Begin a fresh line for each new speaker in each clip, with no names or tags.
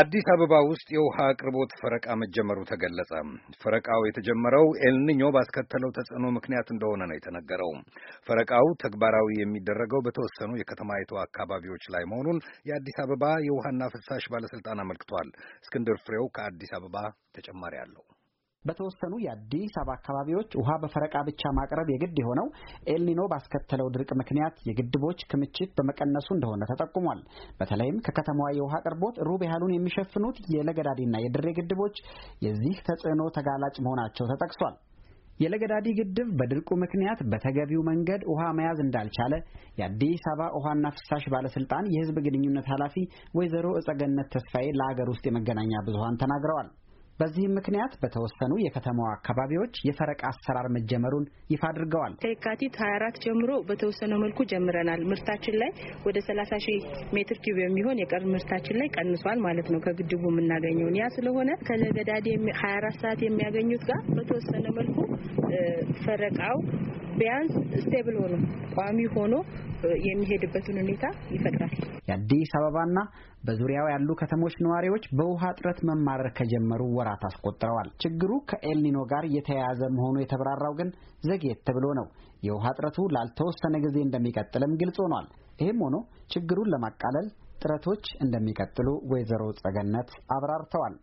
አዲስ አበባ ውስጥ የውሃ አቅርቦት ፈረቃ መጀመሩ ተገለጸ። ፈረቃው የተጀመረው ኤልኒኞ ባስከተለው ተጽዕኖ ምክንያት እንደሆነ ነው የተነገረው። ፈረቃው ተግባራዊ የሚደረገው በተወሰኑ የከተማይቱ አካባቢዎች ላይ መሆኑን የአዲስ አበባ የውሃና ፍሳሽ ባለስልጣን አመልክቷል። እስክንድር ፍሬው ከአዲስ አበባ ተጨማሪ አለው።
በተወሰኑ የአዲስ አበባ አካባቢዎች ውሃ በፈረቃ ብቻ ማቅረብ የግድ የሆነው ኤልኒኖ ባስከተለው ድርቅ ምክንያት የግድቦች ክምችት በመቀነሱ እንደሆነ ተጠቁሟል። በተለይም ከከተማዋ የውሃ አቅርቦት ሩብ ያህሉን የሚሸፍኑት የለገዳዲና የድሬ ግድቦች የዚህ ተጽዕኖ ተጋላጭ መሆናቸው ተጠቅሷል። የለገዳዲ ግድብ በድርቁ ምክንያት በተገቢው መንገድ ውሃ መያዝ እንዳልቻለ የአዲስ አበባ ውሃና ፍሳሽ ባለስልጣን የሕዝብ ግንኙነት ኃላፊ ወይዘሮ እጸገነት ተስፋዬ ለአገር ውስጥ የመገናኛ ብዙኃን ተናግረዋል። በዚህም ምክንያት በተወሰኑ የከተማዋ አካባቢዎች የፈረቃ አሰራር መጀመሩን ይፋ አድርገዋል።
ከየካቲት 24 ጀምሮ በተወሰነው መልኩ ጀምረናል። ምርታችን ላይ ወደ 30 ሺህ ሜትር ኪዩብ የሚሆን የቀር ምርታችን ላይ ቀንሷል ማለት ነው። ከግድቡ የምናገኘውን ያ ስለሆነ ከለገዳድ 24 ሰዓት የሚያገኙት ጋር በተወሰነ መልኩ ፈረቃው ቢያንስ ስቴብል ሆኖ ቋሚ ሆኖ የሚሄድበትን ሁኔታ ይፈጥራል።
የአዲስ አበባና በዙሪያው ያሉ ከተሞች ነዋሪዎች በውሃ እጥረት መማረር ከጀመሩ ወራት አስቆጥረዋል። ችግሩ ከኤልኒኖ ጋር የተያያዘ መሆኑ የተብራራው ግን ዘግየት ተብሎ ነው። የውሃ እጥረቱ ላልተወሰነ ጊዜ እንደሚቀጥልም ግልጽ ሆኗል። ይህም ሆኖ ችግሩን ለማቃለል ጥረቶች እንደሚቀጥሉ ወይዘሮ ጸገነት አብራርተዋል።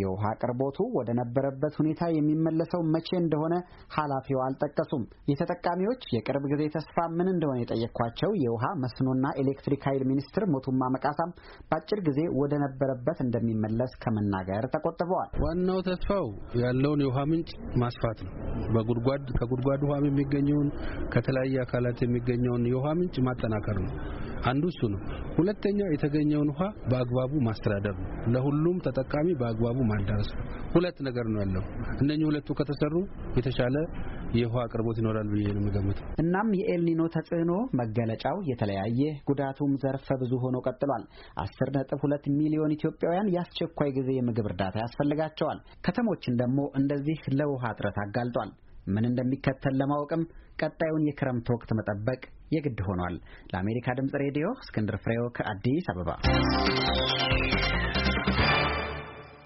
የውሃ አቅርቦቱ ወደ ነበረበት ሁኔታ የሚመለሰው መቼ እንደሆነ ኃላፊው አልጠቀሱም። የተጠቃሚዎች የቅርብ ጊዜ ተስፋ ምን እንደሆነ የጠየኳቸው የውሃ መስኖና ኤሌክትሪክ ኃይል ሚኒስትር ሞቱማ መቃሳም በአጭር ጊዜ ወደ ነበረበት እንደሚመለስ ከመናገር ተቆጥበዋል።
ዋናው ተስፋው ያለውን የውሃ ምንጭ ማስፋት ነው። በጉድጓድ ከጉድጓድ ውሃም የሚገኘውን ከተለያየ አካላት የሚገኘውን የውሃ ምንጭ ማጠናከር ነው። አንዱ እሱ ነው። ሁለተኛው የተገኘውን ውሃ በአግባቡ ማስተዳደር ነው። ለሁሉም ተጠቃሚ በአግባቡ ማዳረስ ነው። ሁለት ነገር ነው ያለው። እነኚህ ሁለቱ ከተሰሩ የተሻለ የውሃ
አቅርቦት ይኖራል ብዬ ነው የምገምተው። እናም የኤልኒኖ ተጽዕኖ መገለጫው የተለያየ ጉዳቱም ዘርፈ ብዙ ሆኖ ቀጥሏል። አስር ነጥብ ሁለት ሚሊዮን ኢትዮጵያውያን የአስቸኳይ ጊዜ የምግብ እርዳታ ያስፈልጋቸዋል። ከተሞችን ደግሞ እንደዚህ ለውሃ እጥረት አጋልጧል። ምን እንደሚከተል ለማወቅም ቀጣዩን የክረምት ወቅት መጠበቅ የግድ ሆኗል። ለአሜሪካ ድምጽ ሬዲዮ እስክንድር ፍሬው ከአዲስ አበባ